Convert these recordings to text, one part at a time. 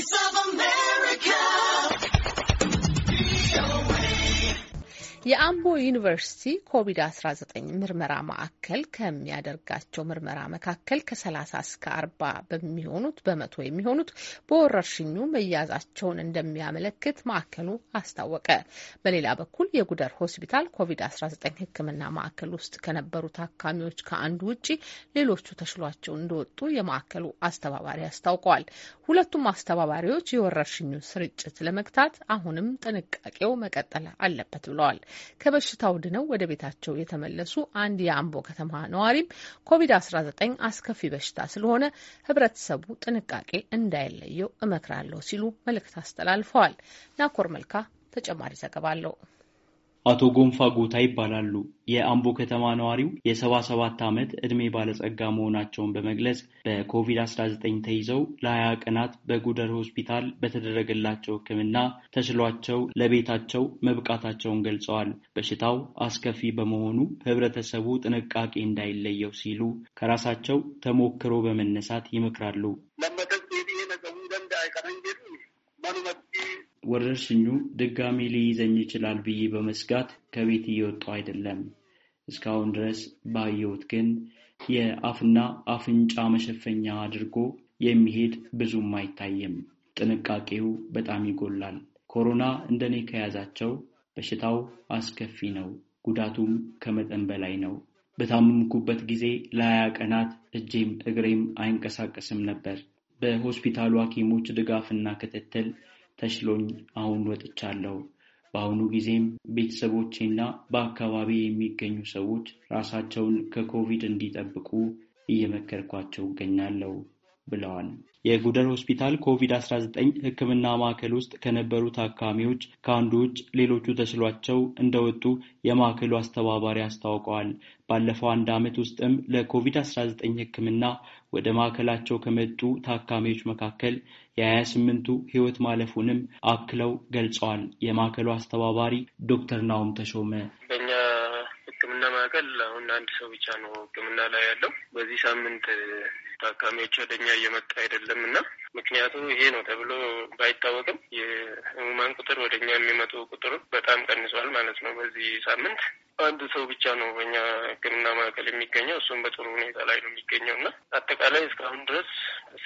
voice of የአምቦ ዩኒቨርሲቲ ኮቪድ-19 ምርመራ ማዕከል ከሚያደርጋቸው ምርመራ መካከል ከ30 እስከ 40 በሚሆኑት በመቶ የሚሆኑት በወረርሽኙ መያዛቸውን እንደሚያመለክት ማዕከሉ አስታወቀ። በሌላ በኩል የጉደር ሆስፒታል ኮቪድ-19 ሕክምና ማዕከል ውስጥ ከነበሩ ታካሚዎች ከአንዱ ውጪ ሌሎቹ ተሽሏቸው እንደወጡ የማዕከሉ አስተባባሪ አስታውቀዋል። ሁለቱም አስተባባሪዎች የወረርሽኙ ስርጭት ለመግታት አሁንም ጥንቃቄው መቀጠል አለበት ብለዋል። ከበሽታው ድነው ወደ ቤታቸው የተመለሱ አንድ የአምቦ ከተማ ነዋሪም ኮቪድ-19 አስከፊ በሽታ ስለሆነ ህብረተሰቡ ጥንቃቄ እንዳይለየው እመክራለሁ ሲሉ መልእክት አስተላልፈዋል። ናኮር መልካ ተጨማሪ ዘገባ አለው። አቶ ጎንፋ ጎታ ይባላሉ። የአምቦ ከተማ ነዋሪው የሰባ ሰባት ዓመት ዕድሜ ባለጸጋ መሆናቸውን በመግለጽ በኮቪድ-19 ተይዘው ለሀያ ቀናት በጉደር ሆስፒታል በተደረገላቸው ሕክምና ተስሏቸው ለቤታቸው መብቃታቸውን ገልጸዋል። በሽታው አስከፊ በመሆኑ ህብረተሰቡ ጥንቃቄ እንዳይለየው ሲሉ ከራሳቸው ተሞክሮ በመነሳት ይመክራሉ። ወረርሽኙ ድጋሚ ሊይዘኝ ይችላል ብዬ በመስጋት ከቤት እየወጣሁ አይደለም። እስካሁን ድረስ ባየሁት ግን የአፍና አፍንጫ መሸፈኛ አድርጎ የሚሄድ ብዙም አይታይም። ጥንቃቄው በጣም ይጎላል። ኮሮና እንደኔ ከያዛቸው በሽታው አስከፊ ነው። ጉዳቱም ከመጠን በላይ ነው። በታመምኩበት ጊዜ ለሀያ ቀናት እጄም እግሬም አይንቀሳቀስም ነበር። በሆስፒታሉ ሐኪሞች ድጋፍና ክትትል ተችሎኝ አሁን ወጥቻለሁ። በአሁኑ ጊዜም ቤተሰቦቼና በአካባቢ የሚገኙ ሰዎች ራሳቸውን ከኮቪድ እንዲጠብቁ እየመከርኳቸው እገኛለሁ። ብለዋል። የጉደር ሆስፒታል ኮቪድ-19 ሕክምና ማዕከል ውስጥ ከነበሩ ታካሚዎች ከአንዱ ውጭ ሌሎቹ ተስሏቸው እንደወጡ የማዕከሉ አስተባባሪ አስታውቀዋል። ባለፈው አንድ ዓመት ውስጥም ለኮቪድ-19 ሕክምና ወደ ማዕከላቸው ከመጡ ታካሚዎች መካከል የ የ28ቱ ሕይወት ማለፉንም አክለው ገልጸዋል። የማዕከሉ አስተባባሪ ዶክተር ናውም ተሾመ በመቀላቀል አሁን አንድ ሰው ብቻ ነው ሕክምና ላይ ያለው። በዚህ ሳምንት ታካሚዎች ወደ እኛ እየመጣ አይደለም እና ምክንያቱ ይሄ ነው ተብሎ ባይታወቅም የህሙማን ቁጥር ወደ እኛ የሚመጡ ቁጥር በጣም ቀንሷል ማለት ነው። በዚህ ሳምንት አንድ ሰው ብቻ ነው በእኛ ህክምና ማዕከል የሚገኘው እሱም በጥሩ ሁኔታ ላይ ነው የሚገኘው እና አጠቃላይ እስካሁን ድረስ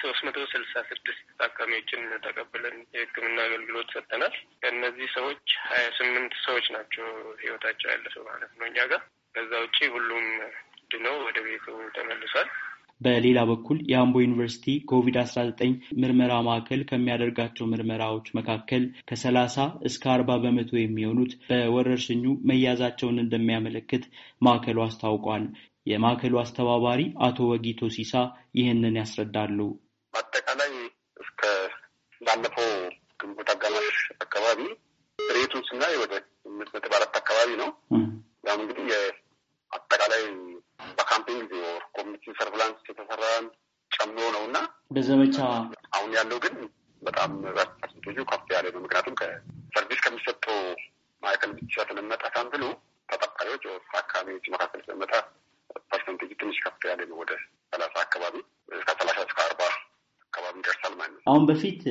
ሶስት መቶ ስልሳ ስድስት ታካሚዎችን ተቀብለን የህክምና አገልግሎት ሰጥተናል። ከእነዚህ ሰዎች ሀያ ስምንት ሰዎች ናቸው ህይወታቸው ያለፈው ማለት ነው እኛ ጋር ከዛ ውጭ ሁሉም ድኖ ወደ ቤቱ ተመልሷል። በሌላ በኩል የአምቦ ዩኒቨርሲቲ ኮቪድ-19 ምርመራ ማዕከል ከሚያደርጋቸው ምርመራዎች መካከል ከሰላሳ እስከ አርባ በመቶ የሚሆኑት በወረርሽኙ መያዛቸውን እንደሚያመለክት ማዕከሉ አስታውቋል። የማዕከሉ አስተባባሪ አቶ ወጊቶ ሲሳ ይህንን ያስረዳሉ። በአጠቃላይ እስከ ባለፈው ግንቦት አጋማሽ አካባቢ ሬቱን ስናይ ወደ በዘመቻ አሁን ያለው ግን በጣም ፐርሰንቴጁ ከፍ ያለ ነው። ምክንያቱም ከሰርቪስ ከሚሰጠው ማዕከል ብቻ ስለመጣ ሳምፕሉ ተጠቃሚዎች አካባቢዎች መካከል ስለመጣ ፐርሰንቴጅ ትንሽ ከፍ ያለ ነው። ወደ ሰላሳ አካባቢ ከሰላሳ እስከ አርባ አካባቢ ይደርሳል ማለት ነው። አሁን በፊት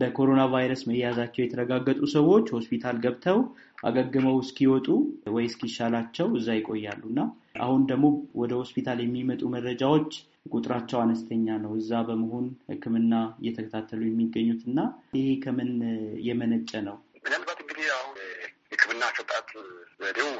በኮሮና ቫይረስ መያዛቸው የተረጋገጡ ሰዎች ሆስፒታል ገብተው አገግመው እስኪወጡ ወይ እስኪሻላቸው እዛ ይቆያሉ እና አሁን ደግሞ ወደ ሆስፒታል የሚመጡ መረጃዎች ቁጥራቸው አነስተኛ ነው። እዛ በመሆን ሕክምና እየተከታተሉ የሚገኙት እና ይሄ ከምን የመነጨ ነው? ምናልባት እንግዲህ አሁን ሕክምና አሰጣጥ ዘዴው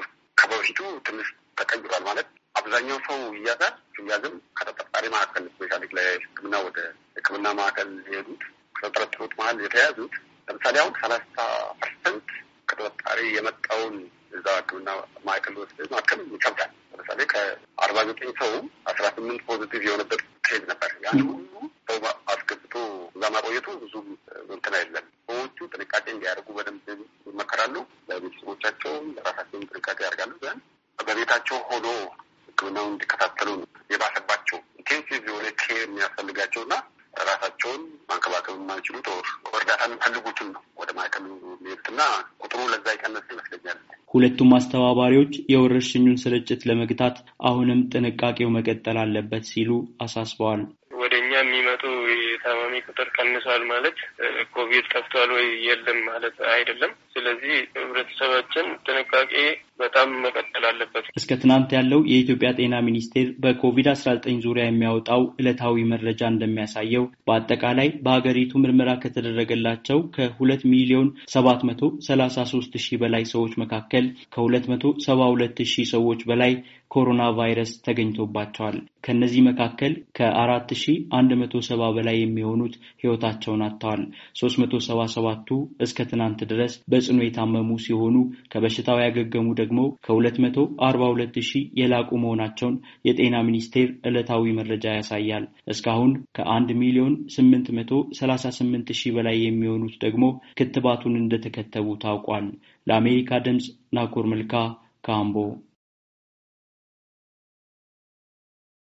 ከበፊቱ ትንሽ ተቀይሯል። ማለት አብዛኛው ሰው ይያዛል። ሲያዝም ከተጠርጣሪ ማዕከል ስፔሻሊ ለሕክምና ወደ ሕክምና ማዕከል ሄዱት ከተጠረጠ መሀል የተያዙት ለምሳሌ አሁን ሰላሳ ፐርሰንት ከተጠርጣሪ የመጣውን እዛ ሕክምና ማዕከል ወስደ ማከም ይከብዳል። ለምሳሌ ከአርባ ዘጠኝ ሰው አስራ ስምንት ፖዚቲቭ የሆነበት ኬዝ ነበር። ያን ሁሉ ሰው አስገብቶ እዛ ማቆየቱ ብዙም እንትን አይለም። ሰዎቹ ጥንቃቄ እንዲያደርጉ በደንብ ይመከራሉ። ለቤተሰቦቻቸውም ለራሳቸውም ጥንቃቄ ያደርጋሉ። ዘን በቤታቸው ሆኖ ሕክምናውን እንዲከታተሉ የባሰባቸው ኢንቴንሲቭ የሆነ ኬር የሚያስፈልጋቸው እና ራሳቸውን ማንከባከብ ጦር እርዳታ የሚፈልጉትን ነው ወደ ማዕከሉ የሚሄዱትና ቁጥሩ ለዛ ይቀነስ ይመስለኛል። ሁለቱም አስተባባሪዎች የወረርሽኙን ስርጭት ለመግታት አሁንም ጥንቃቄው መቀጠል አለበት ሲሉ አሳስበዋል። ወደ እኛ የሚመጡ የታማሚ ቁጥር ቀንሷል ማለት ኮቪድ ጠፍቷል ወይ የለም ማለት አይደለም። ስለዚህ ህብረተሰባችን ጥንቃቄ በጣም መቀጠል አለበት። እስከ ትናንት ያለው የኢትዮጵያ ጤና ሚኒስቴር በኮቪድ አስራ ዘጠኝ ዙሪያ የሚያወጣው ዕለታዊ መረጃ እንደሚያሳየው በአጠቃላይ በሀገሪቱ ምርመራ ከተደረገላቸው ከሁለት ሚሊዮን ሰባት መቶ ሰላሳ ሶስት ሺህ በላይ ሰዎች መካከል ከሁለት መቶ ሰባ ሁለት ሺህ ሰዎች በላይ ኮሮና ቫይረስ ተገኝቶባቸዋል። ከእነዚህ መካከል ከ4170 በላይ የሚሆኑት ሕይወታቸውን አጥተዋል። 377ቱ እስከ ትናንት ድረስ በጽኖ የታመሙ ሲሆኑ ከበሽታው ያገገሙ ደግሞ ከ242000 የላቁ መሆናቸውን የጤና ሚኒስቴር ዕለታዊ መረጃ ያሳያል። እስካሁን ከ1 ሚሊዮን 838 ሺህ በላይ የሚሆኑት ደግሞ ክትባቱን እንደተከተቡ ታውቋል። ለአሜሪካ ድምፅ ናኮር መልካ ካምቦ